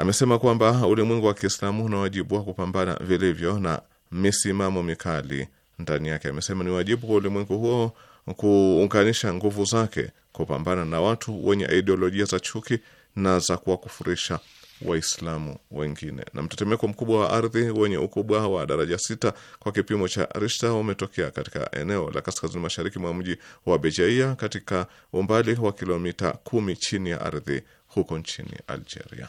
S1: Amesema kwamba ulimwengu wa Kiislamu una wajibu wa kupambana vilivyo na misimamo mikali ndani yake. Amesema ni wajibu kwa ulimwengu huo kuunganisha nguvu zake kupambana na watu wenye ideolojia za chuki na za kuwakufurisha Waislamu wengine. Na mtetemeko mkubwa wa ardhi wenye ukubwa wa daraja sita kwa kipimo cha rishta umetokea katika eneo la kaskazini mashariki mwa mji wa Bejaia katika umbali wa kilomita kumi chini ya ardhi huko nchini Algeria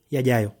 S8: yajayo.